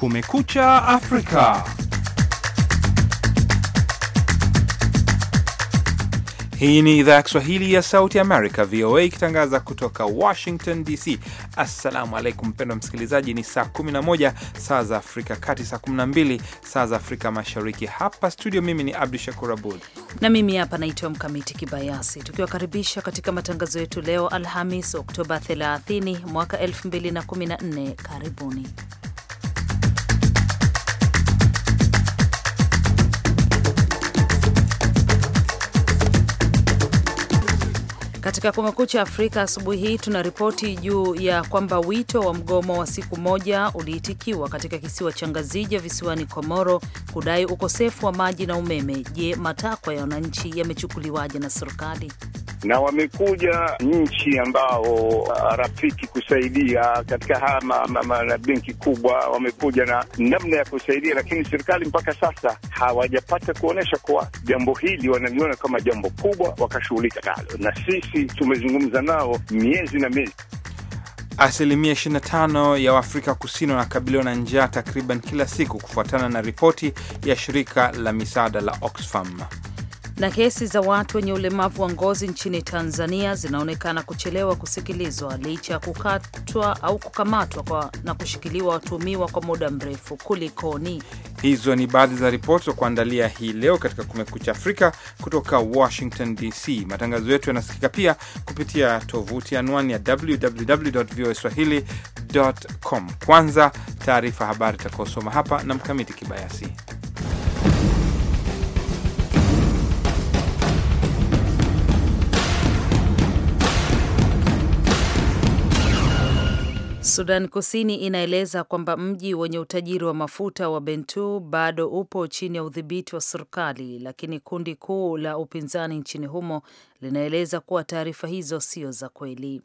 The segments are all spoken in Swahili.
Kumekucha Afrika. Hii ni idhaa ya Kiswahili ya Sauti Amerika, VOA, ikitangaza kutoka Washington DC. Assalamu alaikum, mpendwa msikilizaji. Ni saa 11 saa za Afrika Kati, saa 12 saa za Afrika Mashariki. Hapa studio, mimi ni Abdu Shakur Abud na mimi hapa naitwa Mkamiti Kibayasi, tukiwakaribisha katika matangazo yetu leo Alhamis Oktoba 30 mwaka 2014. Karibuni. Katika Kumekucha Afrika asubuhi hii tuna ripoti juu ya kwamba wito wa mgomo wa siku moja uliitikiwa katika kisiwa cha Ngazija visiwani Komoro kudai ukosefu wa maji na umeme. Je, matakwa ya wananchi yamechukuliwaje na serikali? na wamekuja nchi ambao uh, rafiki kusaidia katika haya na benki kubwa, wamekuja na namna ya kusaidia, lakini serikali mpaka sasa hawajapata kuonyesha kuwa jambo hili wanaliona kama jambo kubwa wakashughulika nalo, na sisi tumezungumza nao miezi na miezi. Asilimia 25 ya Waafrika Kusini wanakabiliwa na njaa takriban kila siku, kufuatana na ripoti ya shirika la misaada la Oxfam. Na kesi za watu wenye ulemavu wa ngozi nchini Tanzania zinaonekana kuchelewa kusikilizwa licha ya kukatwa au kukamatwa na kushikiliwa watuhumiwa kwa muda mrefu. Kulikoni? Hizo ni baadhi za ripoti za kuandalia hii leo katika Kumekucha Afrika kutoka Washington DC. Matangazo yetu yanasikika pia kupitia tovuti anwani ya www voa swahili com. Kwanza taarifa habari itakaosoma hapa na Mkamiti Kibayasi. Sudan Kusini inaeleza kwamba mji wenye utajiri wa mafuta wa bentu bado upo chini ya udhibiti wa serikali, lakini kundi kuu la upinzani nchini humo linaeleza kuwa taarifa hizo sio za kweli.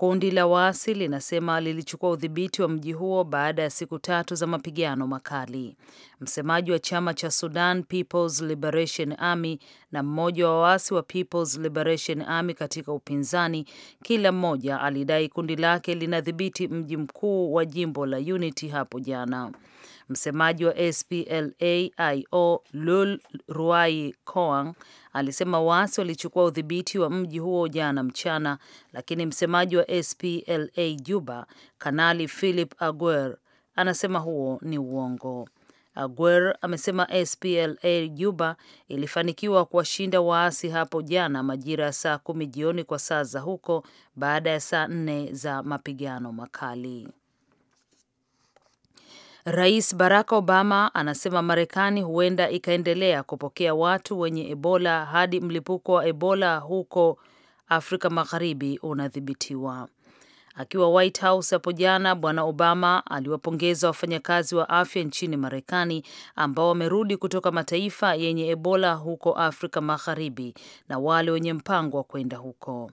Kundi la waasi linasema lilichukua udhibiti wa mji huo baada ya siku tatu za mapigano makali. Msemaji wa chama cha Sudan People's Liberation Army na mmoja wa waasi wa People's Liberation Army katika upinzani, kila mmoja alidai kundi lake linadhibiti mji mkuu wa jimbo la Unity hapo jana. Msemaji wa splaio Lul Ruai Koang alisema waasi walichukua udhibiti wa mji huo jana mchana, lakini msemaji wa SPLA Juba Kanali Philip Aguer anasema huo ni uongo. Aguer amesema SPLA Juba ilifanikiwa kuwashinda waasi hapo jana majira ya saa kumi jioni kwa saa za huko baada ya saa nne za mapigano makali. Rais Barack Obama anasema Marekani huenda ikaendelea kupokea watu wenye Ebola hadi mlipuko wa Ebola huko Afrika Magharibi unadhibitiwa. Akiwa White House hapo jana, Bwana Obama aliwapongeza wafanyakazi wa afya nchini Marekani ambao wamerudi kutoka mataifa yenye Ebola huko Afrika Magharibi na wale wenye mpango wa kwenda huko.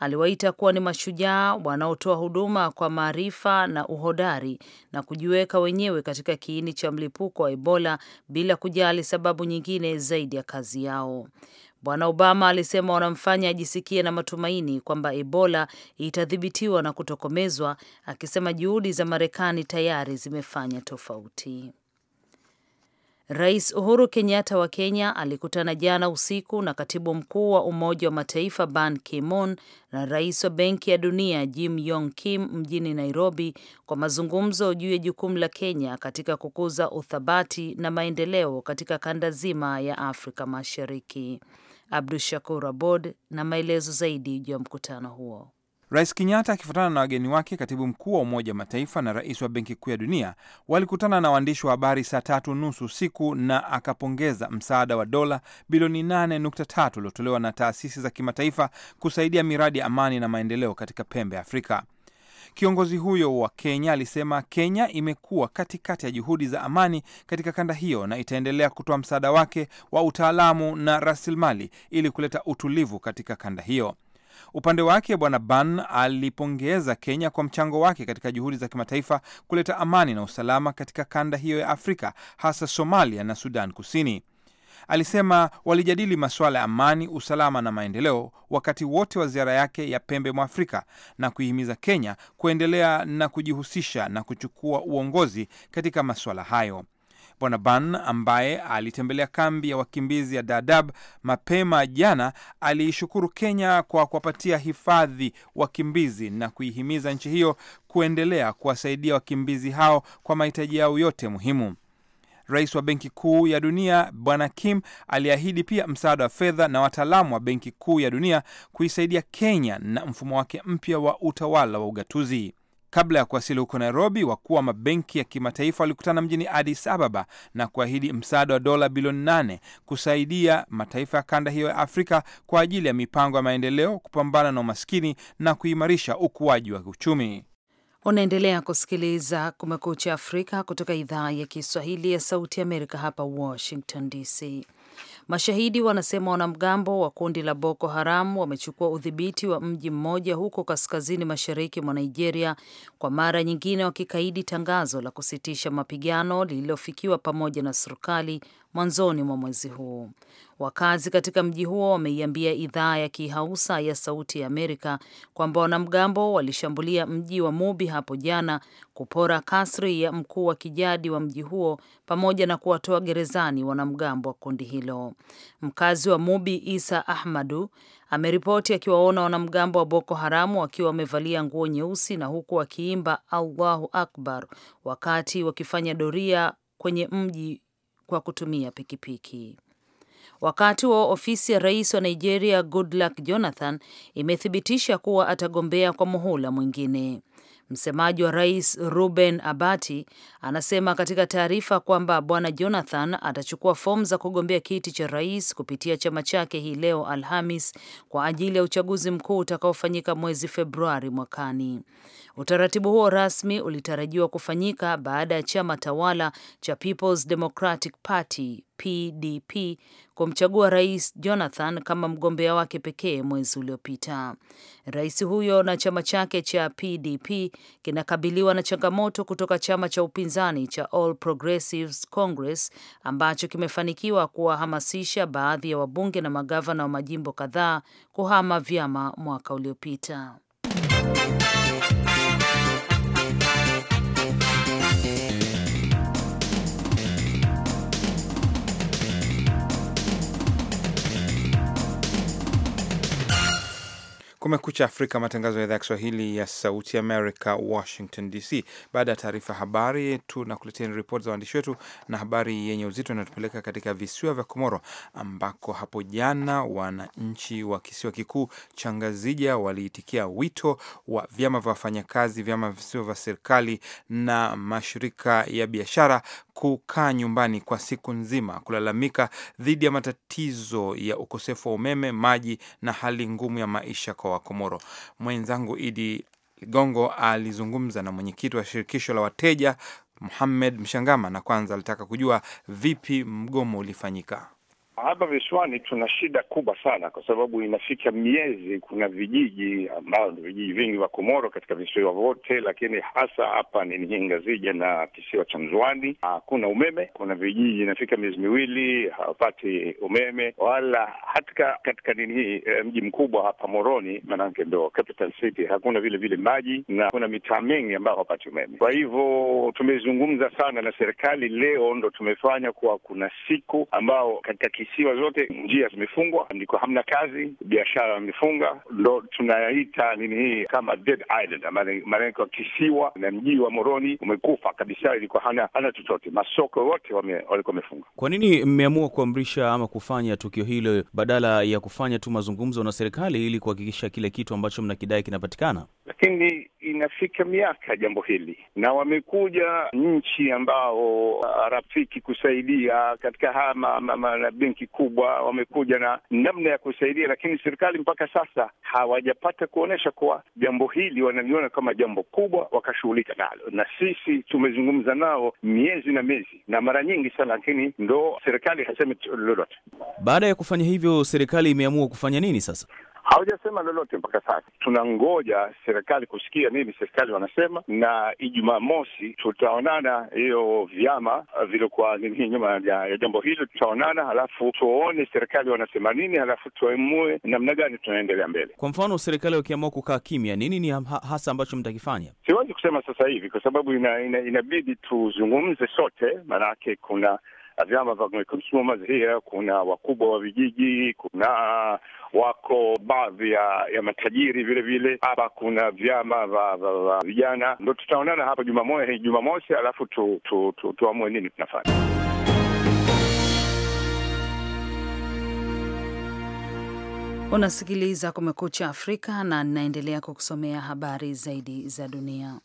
Aliwaita kuwa ni mashujaa wanaotoa huduma kwa maarifa na uhodari na kujiweka wenyewe katika kiini cha mlipuko wa Ebola bila kujali sababu nyingine zaidi ya kazi yao. Bwana Obama alisema wanamfanya ajisikie na matumaini kwamba Ebola itadhibitiwa na kutokomezwa, akisema juhudi za Marekani tayari zimefanya tofauti. Rais Uhuru Kenyatta wa Kenya alikutana jana usiku na katibu mkuu wa Umoja wa Mataifa Ban Ki-moon na rais wa Benki ya Dunia Jim Yong Kim mjini Nairobi kwa mazungumzo juu ya jukumu la Kenya katika kukuza uthabati na maendeleo katika kanda zima ya Afrika Mashariki. Abdu Shakur Abod na maelezo zaidi juu ya mkutano huo. Rais Kenyatta akifuatana na wageni wake, katibu mkuu wa Umoja Mataifa na rais wa Benki Kuu ya Dunia walikutana na waandishi wa habari saa tatu nusu usiku, na akapongeza msaada wa dola bilioni 8.3 uliotolewa na taasisi za kimataifa kusaidia miradi ya amani na maendeleo katika pembe ya Afrika. Kiongozi huyo wa Kenya alisema Kenya imekuwa katikati ya juhudi za amani katika kanda hiyo na itaendelea kutoa msaada wake wa utaalamu na rasilimali ili kuleta utulivu katika kanda hiyo. Upande wake Bwana Ban alipongeza Kenya kwa mchango wake katika juhudi za kimataifa kuleta amani na usalama katika kanda hiyo ya Afrika, hasa Somalia na Sudan Kusini. Alisema walijadili masuala ya amani, usalama na maendeleo wakati wote wa ziara yake ya pembe mwa Afrika na kuihimiza Kenya kuendelea na kujihusisha na kuchukua uongozi katika masuala hayo. Bwana Ban ambaye alitembelea kambi ya wakimbizi ya dadab mapema jana aliishukuru Kenya kwa kuwapatia hifadhi wakimbizi na kuihimiza nchi hiyo kuendelea kuwasaidia wakimbizi hao kwa mahitaji yao yote muhimu. Rais wa Benki Kuu ya Dunia Bwana Kim aliahidi pia msaada wa fedha na wataalamu wa Benki Kuu ya Dunia kuisaidia Kenya na mfumo wake mpya wa utawala wa ugatuzi. Kabla ya kuwasili huko Nairobi, wakuu wa mabenki ya kimataifa walikutana mjini Addis Ababa na kuahidi msaada wa dola bilioni nane kusaidia mataifa ya kanda hiyo ya Afrika kwa ajili ya mipango ya maendeleo, kupambana na umaskini na kuimarisha ukuaji wa kiuchumi. Unaendelea kusikiliza Kumekucha Afrika kutoka idhaa ya Kiswahili ya Sauti ya Amerika, hapa Washington DC. Mashahidi wanasema wanamgambo wa kundi la Boko Haram wamechukua udhibiti wa mji mmoja huko kaskazini mashariki mwa Nigeria, kwa mara nyingine wakikaidi tangazo la kusitisha mapigano lililofikiwa pamoja na serikali mwanzoni mwa mwezi huu. Wakazi katika mji huo wameiambia idhaa ya Kihausa ya Sauti ya Amerika kwamba wanamgambo walishambulia mji wa Mubi hapo jana, kupora kasri ya mkuu wa kijadi wa mji huo pamoja na kuwatoa gerezani wanamgambo wa kundi hilo. Mkazi wa Mubi, Isa Ahmadu, ameripoti akiwaona wanamgambo wa Boko Haramu wakiwa wamevalia nguo nyeusi na huku wakiimba Allahu Akbar wakati wakifanya doria kwenye mji kwa kutumia pikipiki. Wakati wa ofisi ya rais wa Nigeria Goodluck Jonathan imethibitisha kuwa atagombea kwa muhula mwingine. Msemaji wa rais Ruben Abati anasema katika taarifa kwamba bwana Jonathan atachukua fomu za kugombea kiti cha rais kupitia chama chake hii leo Alhamis kwa ajili ya uchaguzi mkuu utakaofanyika mwezi Februari mwakani. Utaratibu huo rasmi ulitarajiwa kufanyika baada ya chama tawala cha People's Democratic Party PDP kumchagua Rais Jonathan kama mgombea wake pekee mwezi uliopita. Rais huyo na chama chake cha PDP kinakabiliwa na changamoto kutoka chama cha upinzani cha All Progressives Congress ambacho kimefanikiwa kuwahamasisha baadhi ya wabunge na magavana wa majimbo kadhaa kuhama vyama mwaka uliopita. Kumekucha Afrika, matangazo ya idhaa ya Kiswahili ya Sauti Amerika, Washington DC. Baada ya taarifa habari, tunakuletea ripoti za waandishi wetu na habari yenye uzito inatupeleka katika visiwa vya Komoro, ambako hapo jana wananchi wa kisiwa kikuu cha Ngazija waliitikia wito wa vyama vya wafanyakazi, vyama visivyo vya serikali na mashirika ya biashara kukaa nyumbani kwa siku nzima kulalamika dhidi ya matatizo ya ukosefu wa umeme, maji na hali ngumu ya maisha kwa Wakomoro. Mwenzangu Idi Ligongo alizungumza na mwenyekiti wa shirikisho la wateja Muhamed Mshangama, na kwanza alitaka kujua vipi mgomo ulifanyika. Hapa visiwani tuna shida kubwa sana, kwa sababu inafika miezi, kuna vijiji ni vijiji vingi vya Komoro katika visiwa vyote, lakini hasa hapa ni Nyangazija na kisiwa cha Mzwani, hakuna umeme. Kuna vijiji inafika miezi miwili hawapati umeme wala hata katika nini hii e, mji mkubwa hapa Moroni, maanake ndo capital city, hakuna vile vile maji na kuna mitaa mingi ambayo hawapati umeme. Kwa hivyo tumezungumza sana na serikali, leo ndo tumefanya kuwa kuna siku ambao katika visiwa vyote njia zimefungwa, ndiko hamna kazi, biashara wamefunga, ndo tunaita nini hii kama dead island, maanake kisiwa na mji wa Moroni umekufa kabisa, ilikuwa hana hana chochote, masoko yote walikuwa wamefunga. Kwa nini mmeamua kuamrisha ama kufanya tukio hilo badala ya kufanya tu mazungumzo na serikali ili kuhakikisha kile kitu ambacho mnakidai kinapatikana? lakini inafika miaka jambo hili, na wamekuja nchi ambao uh, rafiki kusaidia katika haya na benki kubwa, wamekuja na namna ya kusaidia, lakini serikali mpaka sasa hawajapata kuonyesha kuwa jambo hili wanaliona kama jambo kubwa wakashughulika nalo, na sisi tumezungumza nao miezi na miezi na mara nyingi sana, lakini ndo serikali hasemi lolote. Baada ya kufanya hivyo, serikali imeamua kufanya nini sasa? Hawajasema lolote mpaka sasa. Tunangoja serikali kusikia nini serikali wanasema, na Ijumaa mosi tutaonana, hiyo vyama vilikuwa nini nyuma ya jambo hilo, tutaonana halafu tuone serikali wanasema nini, halafu tuamue namna gani tunaendelea mbele. Kwa mfano, serikali wakiamua kukaa kimya, nini ni hasa ambacho mtakifanya? Siwezi kusema sasa hivi kwa sababu ina, ina, inabidi tuzungumze sote, maanake kuna vyama vya consumers here, kuna wakubwa wa vijiji, kuna wako baadhi ya, ya matajiri vilevile. Hapa kuna vyama vya vijana, ndo tutaonana hapa Jumamosi, Jumamosi alafu tuamue tu, tu, tu nini tunafanya. Unasikiliza Kumekucha Afrika na ninaendelea kukusomea habari zaidi za dunia.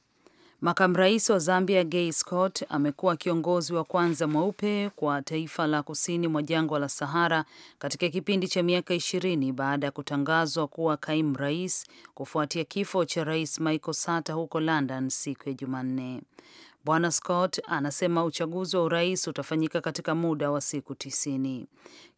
Makamu rais wa Zambia Gay Scott amekuwa kiongozi wa kwanza mweupe kwa taifa la kusini mwa jangwa la Sahara katika kipindi cha miaka ishirini baada ya kutangazwa kuwa kaimu rais kufuatia kifo cha rais Michael Sata huko London siku ya Jumanne. Bwana Scott anasema uchaguzi wa urais utafanyika katika muda wa siku tisini.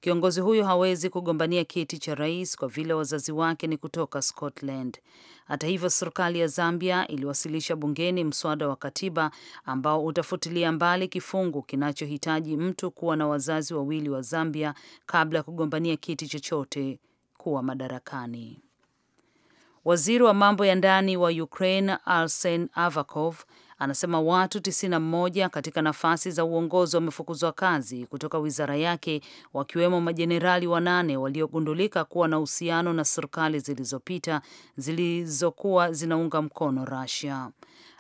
Kiongozi huyo hawezi kugombania kiti cha rais kwa vile wazazi wake ni kutoka Scotland. Hata hivyo, serikali ya Zambia iliwasilisha bungeni mswada wa katiba ambao utafutilia mbali kifungu kinachohitaji mtu kuwa na wazazi wawili wa Zambia kabla ya kugombania kiti chochote kuwa madarakani. Waziri wa mambo ya ndani wa Ukraine Arsen Avakov Anasema watu 91 katika nafasi za uongozi wamefukuzwa kazi kutoka wizara yake, wakiwemo majenerali wanane waliogundulika kuwa na uhusiano na serikali zilizopita zilizokuwa zinaunga mkono Russia.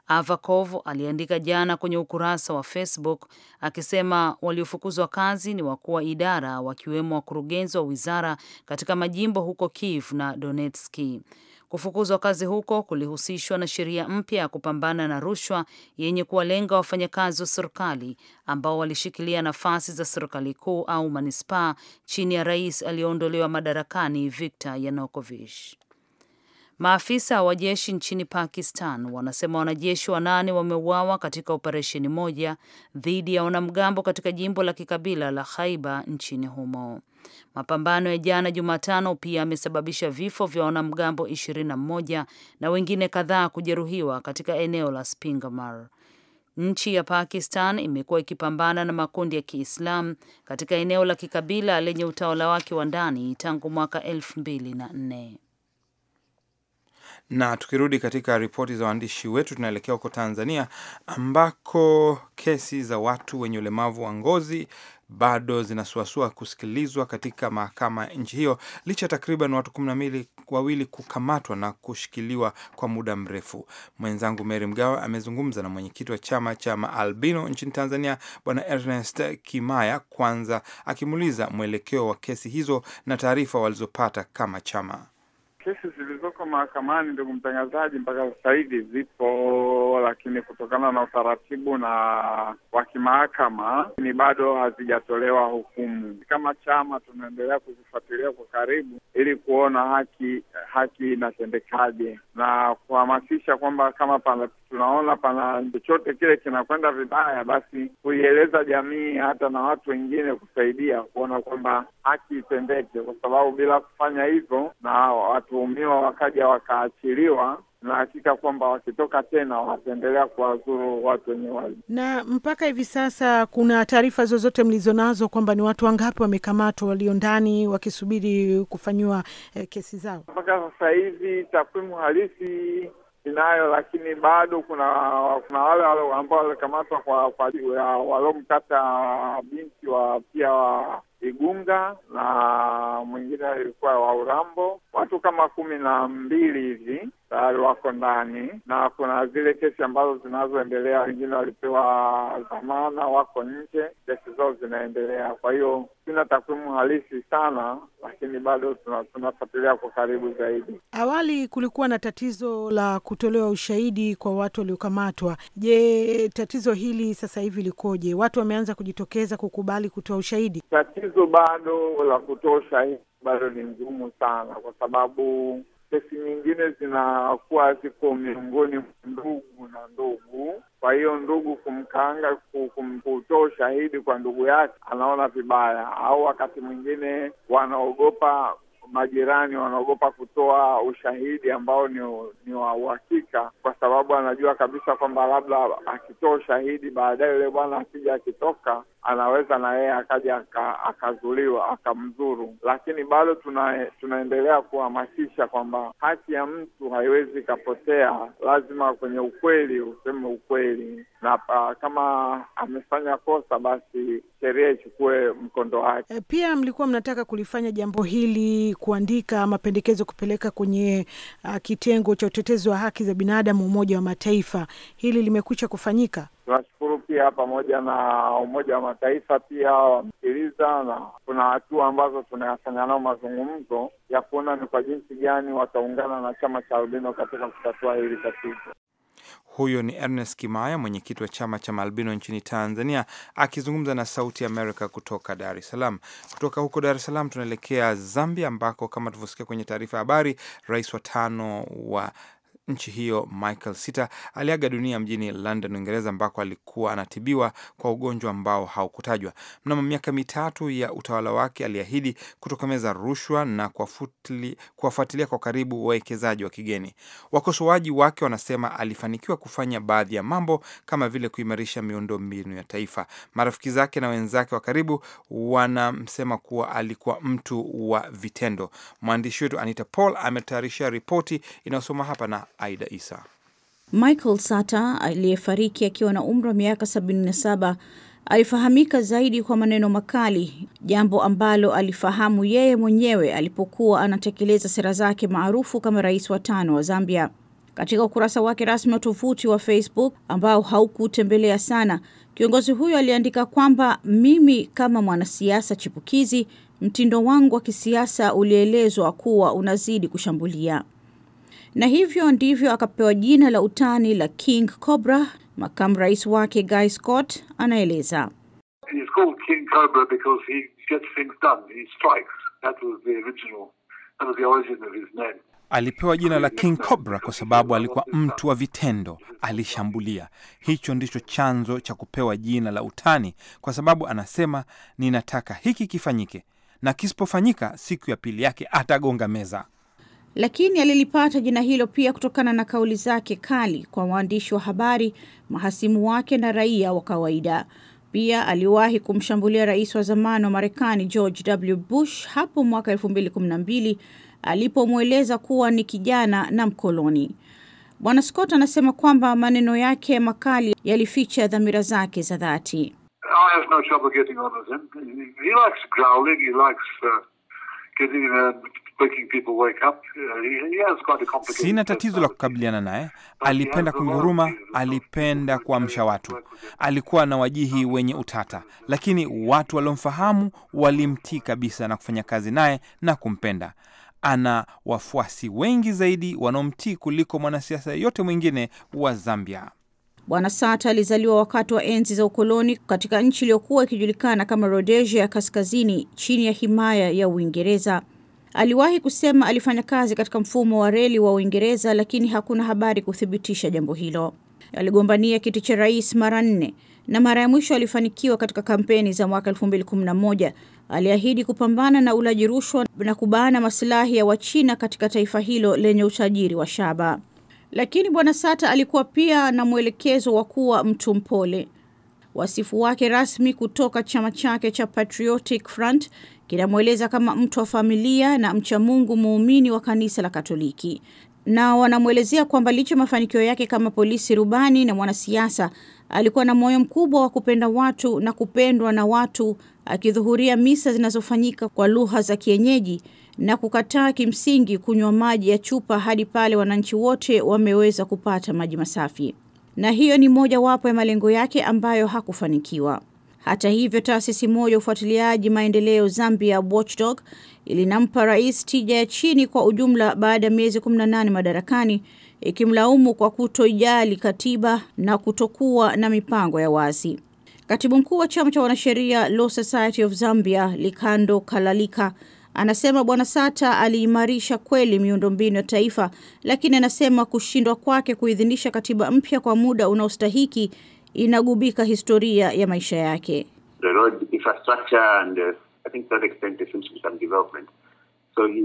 Avakov aliandika jana kwenye ukurasa wa Facebook akisema waliofukuzwa kazi ni wakuu wa idara wakiwemo wakurugenzi wa wizara katika majimbo huko Kiev na Donetski. Kufukuzwa kazi huko kulihusishwa na sheria mpya ya kupambana na rushwa yenye kuwalenga wafanyakazi wa serikali ambao walishikilia nafasi za serikali kuu au manispaa chini ya rais aliyeondolewa madarakani Viktor Yanukovych. Maafisa wa jeshi nchini Pakistan wanasema wanajeshi wanane wameuawa katika operesheni moja dhidi ya wanamgambo katika jimbo la kikabila la Khaiba nchini humo. Mapambano ya jana Jumatano pia yamesababisha vifo vya wanamgambo 21 na wengine kadhaa kujeruhiwa katika eneo la Spingamar. Nchi ya Pakistan imekuwa ikipambana na makundi ya Kiislamu katika eneo la kikabila lenye utawala wake wa ndani tangu mwaka elfu mbili na nne. Na tukirudi katika ripoti za waandishi wetu, tunaelekea huko Tanzania ambako kesi za watu wenye ulemavu wa ngozi bado zinasuasua kusikilizwa katika mahakama ya nchi hiyo licha ya takriban watu kumi na wawili kukamatwa na kushikiliwa kwa muda mrefu. Mwenzangu Mary mgawa amezungumza na mwenyekiti wa chama cha maalbino nchini Tanzania, Bwana Ernest Kimaya, kwanza akimuuliza mwelekeo wa kesi hizo na taarifa walizopata kama chama. Kesi zilizoko mahakamani, ndugu mtangazaji, mpaka sasa hivi zipo lakini kutokana na utaratibu na wa kimahakama ni bado hazijatolewa hukumu. Kama chama tunaendelea kuzifuatilia kwa karibu ili kuona haki haki inatendekaje na kuhamasisha kwamba kama pana, tunaona pana chochote kile kinakwenda vibaya, basi kuieleza jamii hata na watu wengine kusaidia kuona kwamba haki itendeke, kwa sababu bila kufanya hivyo na watuhumiwa wakaja wakaachiliwa na hakika kwamba wakitoka tena wataendelea kuwazuru watu wenye wenyewe. Na mpaka hivi sasa kuna taarifa zozote mlizonazo kwamba ni watu wangapi wamekamatwa walio ndani wakisubiri kufanyiwa eh, kesi zao? Mpaka sasa hivi takwimu halisi inayo, lakini bado kuna kuna wale ambao walikamatwa kwa, kwa waliomkata binti wa pia wa Igunga na mwingine alikuwa wa Urambo, watu kama kumi na mbili hivi tayari wako ndani, na kuna zile kesi ambazo zinazoendelea, wengine walipewa dhamana, wako nje, kesi zao zinaendelea. Kwa hiyo sina takwimu halisi sana, lakini bado tunafuatilia kwa karibu zaidi. Awali kulikuwa na tatizo la kutolewa ushahidi kwa watu waliokamatwa. Je, tatizo hili sasa hivi likoje? Watu wameanza kujitokeza kukubali kutoa ushahidi? Tatizo bado la kutoa ushahidi bado ni ngumu sana, kwa sababu kesi nyingine zinakuwa ziko miongoni mwa ndugu na ndugu. Kwa hiyo ndugu kumkaanga, kutoa ushahidi kwa ndugu yake anaona vibaya, au wakati mwingine wanaogopa majirani wanaogopa kutoa ushahidi ambao ni, ni wa uhakika, kwa sababu anajua kabisa kwamba labda akitoa ushahidi baadaye yule bwana akija akitoka anaweza na yeye akaja akazuliwa akamzuru, lakini bado tuna, tunaendelea kuhamasisha kwamba haki ya mtu haiwezi ikapotea, lazima kwenye ukweli useme ukweli, na pa, ah, kama amefanya kosa basi sheria ichukue mkondo wake. Eh, pia mlikuwa mnataka kulifanya jambo hili, kuandika mapendekezo kupeleka kwenye uh, kitengo cha utetezi wa haki za binadamu Umoja wa Mataifa. Hili limekwisha kufanyika? Tunashukuru pia pamoja na Umoja wa Mataifa pia wamsikiliza, na kuna hatua ambazo tunayafanya nao mazungumzo ya kuona ni kwa jinsi gani wataungana na chama cha albino katika kutatua hili tatizo. Huyo ni Ernest Kimaya, mwenyekiti wa chama cha maalbino nchini Tanzania, akizungumza na Sauti Amerika kutoka Dar es Salaam. Kutoka huko Dar es Salaam tunaelekea Zambia, ambako kama tulivyosikia kwenye taarifa ya habari, rais wa tano wa nchi hiyo Michael Sita aliaga dunia mjini London, Uingereza, ambako alikuwa anatibiwa kwa ugonjwa ambao haukutajwa. Mnamo miaka mitatu ya utawala wake aliahidi kutokomeza rushwa na kuwafuatilia kwa karibu wawekezaji wa kigeni. Wakosoaji wake wanasema alifanikiwa kufanya baadhi ya mambo kama vile kuimarisha miundo mbinu ya taifa. Marafiki zake na wenzake wa karibu wanamsema kuwa alikuwa mtu wa vitendo. Mwandishi wetu Anita Paul ametayarisha ripoti inayosoma hapa na Aida Isa. Michael Sata aliyefariki akiwa na umri wa miaka 77 alifahamika zaidi kwa maneno makali, jambo ambalo alifahamu yeye mwenyewe alipokuwa anatekeleza sera zake maarufu kama rais wa tano wa Zambia. Katika ukurasa wake rasmi wa tovuti wa Facebook ambao haukutembelea sana, kiongozi huyo aliandika kwamba mimi kama mwanasiasa chipukizi, mtindo wangu wa kisiasa ulielezwa kuwa unazidi kushambulia na hivyo ndivyo akapewa jina la utani la King Cobra. Makamu rais wake Guy Scott anaeleza. Alipewa jina la King Cobra kwa sababu alikuwa mtu wa vitendo, alishambulia. Hicho ndicho chanzo cha kupewa jina la utani, kwa sababu anasema, ninataka hiki kifanyike, na kisipofanyika, siku ya pili yake atagonga meza lakini alilipata jina hilo pia kutokana na kauli zake kali kwa waandishi wa habari, mahasimu wake na raia wa kawaida. Pia aliwahi kumshambulia rais wa zamani wa Marekani George W. Bush hapo mwaka 2012 alipomweleza kuwa ni kijana na mkoloni. Bwana Scott anasema kwamba maneno yake makali yalificha dhamira zake za dhati. No Uh, Sina tatizo la kukabiliana naye. Alipenda kunguruma, alipenda kuamsha watu, alikuwa na wajihi wenye utata, lakini watu waliomfahamu walimtii kabisa na kufanya kazi naye na kumpenda. Ana wafuasi wengi zaidi wanaomtii kuliko mwanasiasa yeyote mwingine wa Zambia. Bwana Sata alizaliwa wakati wa enzi za ukoloni katika nchi iliyokuwa ikijulikana kama Rhodesia ya Kaskazini chini ya himaya ya Uingereza. Aliwahi kusema alifanya kazi katika mfumo wa reli wa Uingereza, lakini hakuna habari kuthibitisha jambo hilo. Aligombania kiti cha rais mara nne na mara ya mwisho alifanikiwa katika kampeni za mwaka 2011. Aliahidi kupambana na ulaji rushwa na kubana masilahi ya Wachina katika taifa hilo lenye utajiri wa shaba. Lakini bwana Sata alikuwa pia na mwelekezo wa kuwa mtu mpole wasifu wake rasmi kutoka chama chake cha Patriotic Front kinamweleza kama mtu wa familia na mcha Mungu muumini wa kanisa la Katoliki na wanamwelezea kwamba licha mafanikio yake kama polisi rubani na mwanasiasa, alikuwa na moyo mkubwa wa kupenda watu na kupendwa na watu, akidhuhuria misa zinazofanyika kwa lugha za kienyeji na kukataa kimsingi kunywa maji ya chupa hadi pale wananchi wote wameweza kupata maji masafi na hiyo ni mojawapo ya malengo yake ambayo hakufanikiwa. Hata hivyo, taasisi moja ufuatiliaji maendeleo Zambia Watchdog ilinampa rais tija ya chini kwa ujumla baada ya miezi 18 madarakani, ikimlaumu kwa kutojali katiba na kutokuwa na mipango ya wazi. Katibu mkuu wa chama cha wanasheria Law Society of Zambia Likando Kalalika Anasema Bwana Sata aliimarisha kweli miundombinu ya taifa, lakini anasema kushindwa kwake kuidhinisha katiba mpya kwa muda unaostahiki inagubika historia ya maisha yake. The road infrastructure and uh, I think to that extent there seems to be some development. So he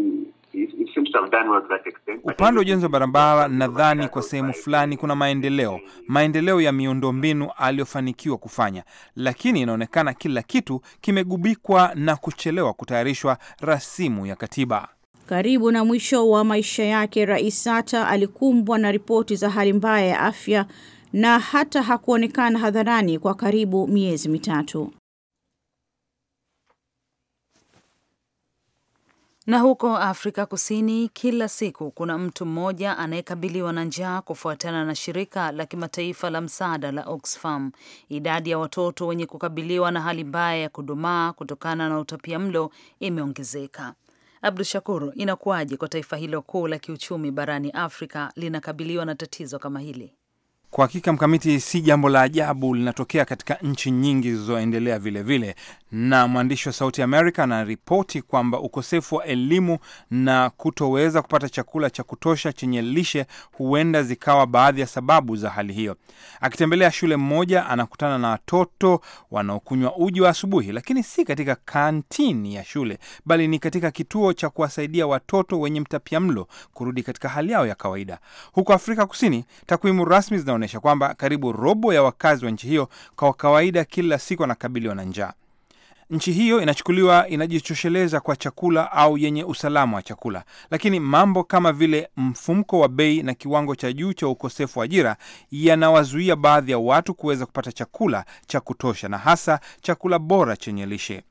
Upande wa ujenzi wa barabara, nadhani kwa sehemu fulani kuna maendeleo, maendeleo ya miundombinu aliyofanikiwa kufanya, lakini inaonekana kila kitu kimegubikwa na kuchelewa kutayarishwa rasimu ya katiba. Karibu na mwisho wa maisha yake, Rais Sata alikumbwa na ripoti za hali mbaya ya afya na hata hakuonekana hadharani kwa karibu miezi mitatu. Na huko Afrika Kusini, kila siku kuna mtu mmoja anayekabiliwa na njaa kufuatana na shirika la kimataifa la msaada la Oxfam. Idadi ya watoto wenye kukabiliwa na hali mbaya ya kudumaa kutokana na utapia mlo imeongezeka. Abdu Shakur, inakuwaje kwa taifa hilo kuu la kiuchumi barani Afrika linakabiliwa na tatizo kama hili? Kwa hakika Mkamiti, si jambo la ajabu, linatokea katika nchi nyingi zilizoendelea vilevile, na mwandishi wa Sauti Amerika anaripoti kwamba ukosefu wa elimu na kutoweza kupata chakula cha kutosha chenye lishe huenda zikawa baadhi ya sababu za hali hiyo. Akitembelea shule mmoja, anakutana na watoto wanaokunywa uji wa asubuhi, lakini si katika kantini ya shule, bali ni katika kituo cha kuwasaidia watoto wenye mtapiamlo kurudi katika hali yao ya kawaida. Huko Afrika Kusini, takwimu rasmi zinaonyesha kwamba karibu robo ya wakazi wa nchi hiyo kwa kawaida kila siku wanakabiliwa na njaa. Nchi hiyo inachukuliwa inajitosheleza kwa chakula au yenye usalama wa chakula, lakini mambo kama vile mfumko wa bei na kiwango cha juu cha ukosefu wa ajira yanawazuia baadhi ya watu kuweza kupata chakula cha kutosha na hasa chakula bora chenye lishe.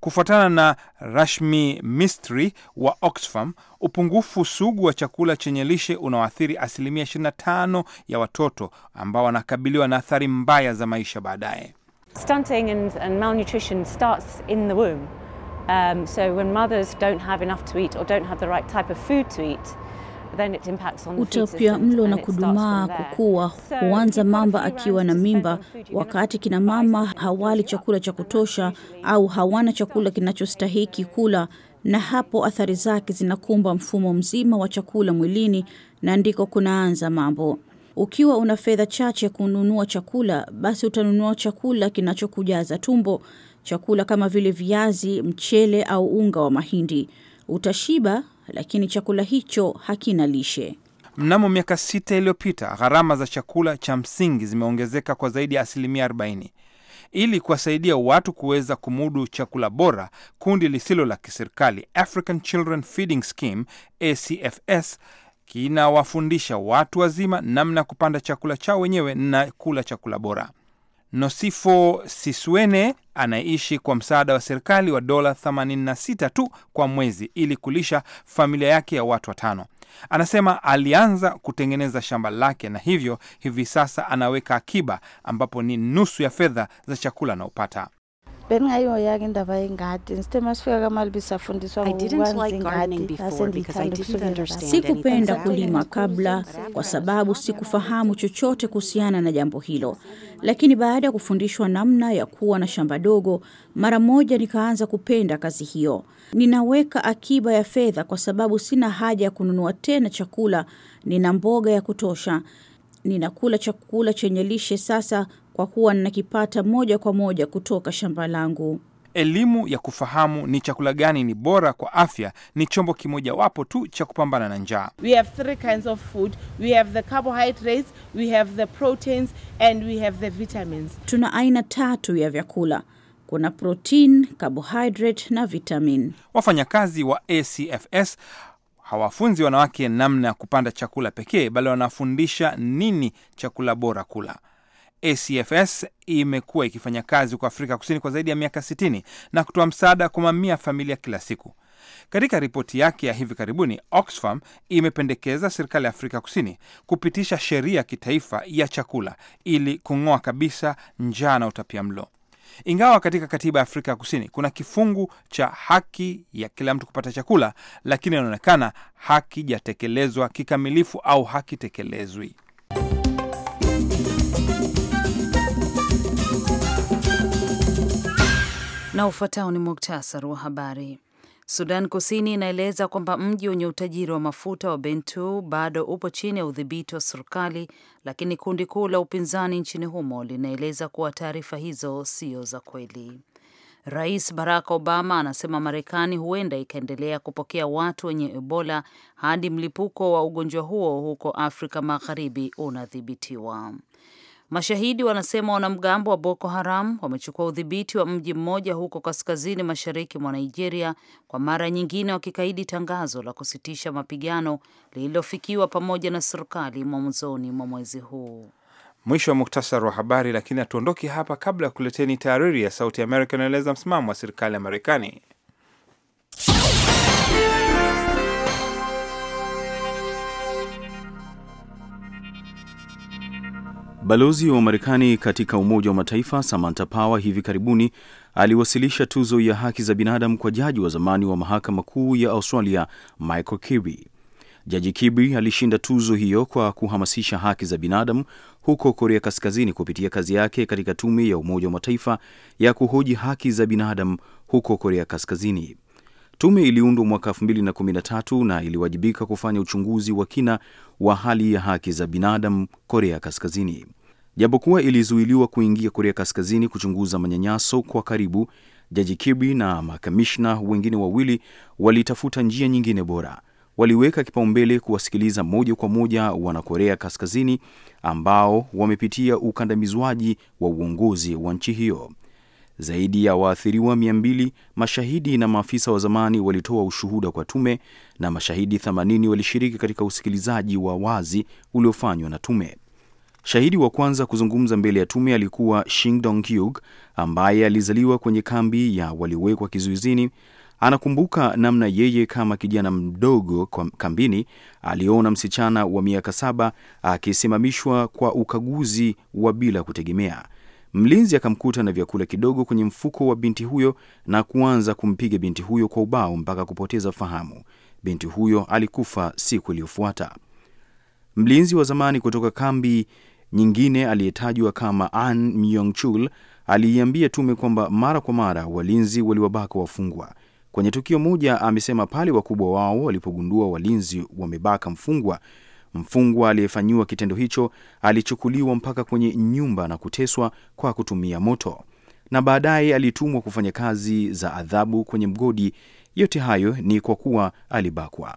Kufuatana na Rashmi Mistry wa Oxfam, upungufu sugu wa chakula chenye lishe unaoathiri asilimia 25 ya watoto ambao wanakabiliwa na athari mbaya za maisha baadaye. Stunting and, and malnutrition starts in the womb. Um, so when mothers don't have enough to eat or don't have the right type of food to eat, then it impacts on Utapia mlo na kudumaa kukua huanza mamba akiwa na mimba. Wakati kina mama hawali chakula cha kutosha au hawana chakula kinachostahiki kula, na hapo athari zake zinakumba mfumo mzima wa chakula mwilini, na ndiko kunaanza mambo. Ukiwa una fedha chache kununua chakula, basi utanunua chakula kinachokujaza tumbo, chakula kama vile viazi, mchele au unga wa mahindi. Utashiba, lakini chakula hicho hakina lishe. Mnamo miaka sita iliyopita, gharama za chakula cha msingi zimeongezeka kwa zaidi ya asilimia 40. Ili kuwasaidia watu kuweza kumudu chakula bora, kundi lisilo la kiserikali African Children Feeding Scheme ACFS kinawafundisha watu wazima namna ya kupanda chakula chao wenyewe na kula chakula bora. Nosifo Siswene anaishi kwa msaada wa serikali wa dola 86 tu kwa mwezi ili kulisha familia yake ya watu watano. Anasema alianza kutengeneza shamba lake na hivyo hivi sasa anaweka akiba ambapo ni nusu ya fedha za chakula anaopata bendingayhoyanga ndisithe masifika kamalibi safundiswa sikupenda kulima kabla kwa sababu sikufahamu chochote kuhusiana na jambo hilo, lakini baada ya kufundishwa namna ya kuwa na shamba dogo, mara moja nikaanza kupenda kazi hiyo. Ninaweka akiba ya fedha kwa sababu sina haja ya kununua tena chakula. Nina mboga ya kutosha, ninakula chakula chenye lishe sasa kwa kuwa ninakipata moja kwa moja kutoka shamba langu. Elimu ya kufahamu ni chakula gani ni bora kwa afya ni chombo kimojawapo tu cha kupambana na njaa. We have three kinds of food. We have the carbohydrates, we have the proteins and we have the vitamins. Tuna aina tatu ya vyakula. Kuna protein, carbohydrate na vitamin. Wafanyakazi wa ACFS hawafunzi wanawake namna ya kupanda chakula pekee, bali wanafundisha nini chakula bora kula. ACFS imekuwa ikifanya kazi kwa Afrika Kusini kwa zaidi ya miaka 60 na kutoa msaada kwa mamia familia kila siku. Katika ripoti yake ya hivi karibuni, Oxfam imependekeza serikali ya Afrika Kusini kupitisha sheria ya kitaifa ya chakula ili kung'oa kabisa njaa na utapia mlo. Ingawa katika katiba ya Afrika ya Kusini kuna kifungu cha haki ya kila mtu kupata chakula, lakini inaonekana hakijatekelezwa kikamilifu au hakitekelezwi. na ufuatao ni muktasari wa habari. Sudan Kusini inaeleza kwamba mji wenye utajiri wa mafuta wa bentu bado upo chini ya udhibiti wa serikali, lakini kundi kuu la upinzani nchini humo linaeleza kuwa taarifa hizo sio za kweli. Rais Barack Obama anasema Marekani huenda ikaendelea kupokea watu wenye Ebola hadi mlipuko wa ugonjwa huo huko Afrika Magharibi unadhibitiwa. Mashahidi wanasema wanamgambo wa Boko Haram wamechukua udhibiti wa mji mmoja huko kaskazini mashariki mwa Nigeria, kwa mara nyingine wakikaidi tangazo la kusitisha mapigano lililofikiwa pamoja na serikali mwanzoni mwa mwezi huu. Mwisho wa muktasari wa habari, lakini hatuondoki hapa kabla ya kuleteni tahariri ya Sauti ya Amerika inaeleza msimamo wa serikali ya Marekani. Balozi wa Marekani katika Umoja wa Mataifa Samantha Power hivi karibuni aliwasilisha tuzo ya haki za binadamu kwa jaji wa zamani wa mahakama kuu ya Australia Michael Kirby. Jaji Kirby alishinda tuzo hiyo kwa kuhamasisha haki za binadamu huko Korea Kaskazini kupitia kazi yake katika tume ya Umoja wa Mataifa ya kuhoji haki za binadamu huko Korea Kaskazini. Tume iliundwa mwaka 2013 na iliwajibika kufanya uchunguzi wa kina wa hali ya haki za binadamu Korea Kaskazini. Japokuwa ilizuiliwa kuingia Korea Kaskazini kuchunguza manyanyaso kwa karibu, Jaji Kirby na makamishna wengine wawili walitafuta njia nyingine bora. Waliweka kipaumbele kuwasikiliza moja kwa moja Wanakorea Kaskazini ambao wamepitia ukandamizwaji wa uongozi wa nchi hiyo. Zaidi ya waathiriwa mia mashahidi na maafisa wa zamani walitoa ushuhuda kwa tume na mashahidi 80 walishiriki katika usikilizaji wa wazi uliofanywa na tume. Shahidi wa kwanza kuzungumza mbele ya tume alikuwa Shing Dong Hyuk ambaye alizaliwa kwenye kambi ya waliowekwa kizuizini. Anakumbuka namna yeye kama kijana mdogo kwa kambini aliona msichana wa miaka saba akisimamishwa kwa ukaguzi wa bila kutegemea. Mlinzi akamkuta na vyakula kidogo kwenye mfuko wa binti huyo na kuanza kumpiga binti huyo kwa ubao mpaka kupoteza fahamu. Binti huyo alikufa siku iliyofuata. Mlinzi wa zamani kutoka kambi nyingine aliyetajwa kama An Myong Chul aliiambia tume kwamba mara kwa mara walinzi waliwabaka wafungwa. Kwenye tukio moja, amesema pale wakubwa wao walipogundua walinzi wamebaka mfungwa, mfungwa aliyefanyiwa kitendo hicho alichukuliwa mpaka kwenye nyumba na kuteswa kwa kutumia moto, na baadaye alitumwa kufanya kazi za adhabu kwenye mgodi. Yote hayo ni kwa kuwa alibakwa.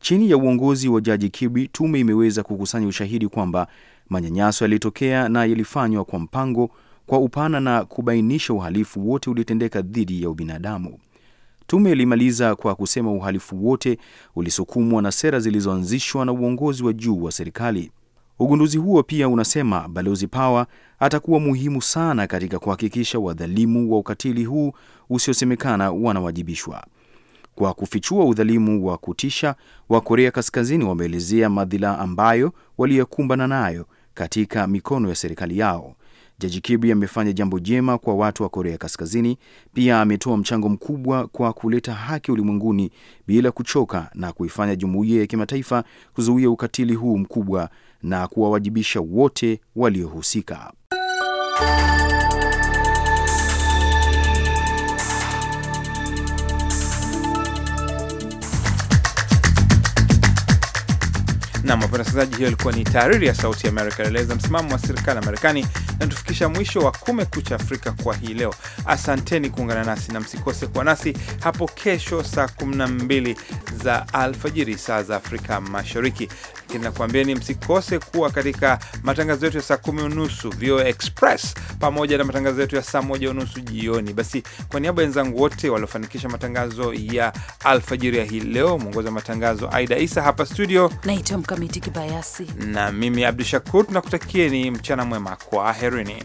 Chini ya uongozi wa Jaji Kibi, tume imeweza kukusanya ushahidi kwamba Manyanyaso yalitokea na yalifanywa kwa mpango kwa upana na kubainisha uhalifu wote uliotendeka dhidi ya ubinadamu. Tume ilimaliza kwa kusema uhalifu wote ulisukumwa na sera zilizoanzishwa na uongozi wa juu wa serikali. Ugunduzi huo pia unasema Balozi Pawa atakuwa muhimu sana katika kuhakikisha wadhalimu wa ukatili huu usiosemekana wanawajibishwa. Kwa kufichua udhalimu wa kutisha wa Korea Kaskazini, wameelezea madhila ambayo waliyokumbana nayo katika mikono ya serikali yao. Jaji Kibri amefanya jambo jema kwa watu wa Korea Kaskazini. Pia ametoa mchango mkubwa kwa kuleta haki ulimwenguni bila kuchoka na kuifanya jumuiya ya kimataifa kuzuia ukatili huu mkubwa na kuwawajibisha wote waliohusika. Nam wapenda wasikilizaji, hiyo ilikuwa ni taariri ya Sauti ya Amerika ilieleza msimamo wa serikali ya Marekani. tufikisha mwisho wa Kumekucha Afrika kwa hii leo. Asanteni kuungana nasi na msikose kuwa nasi hapo kesho saa 12 za alfajiri saa za Afrika Mashariki. Tunakuambieni msikose kuwa katika matangazo yetu ya saa kumi unusu VOA Express pamoja na matangazo yetu ya saa moja unusu jioni. Basi kwa niaba ya wenzangu wote waliofanikisha matangazo ya alfajiri ya hii leo, mwongozi wa matangazo Aida Isa hapa studio, naitwa Mkamiti Kibayasi na mimi Abdu Shakur, tunakutakieni mchana mwema, kwa herini.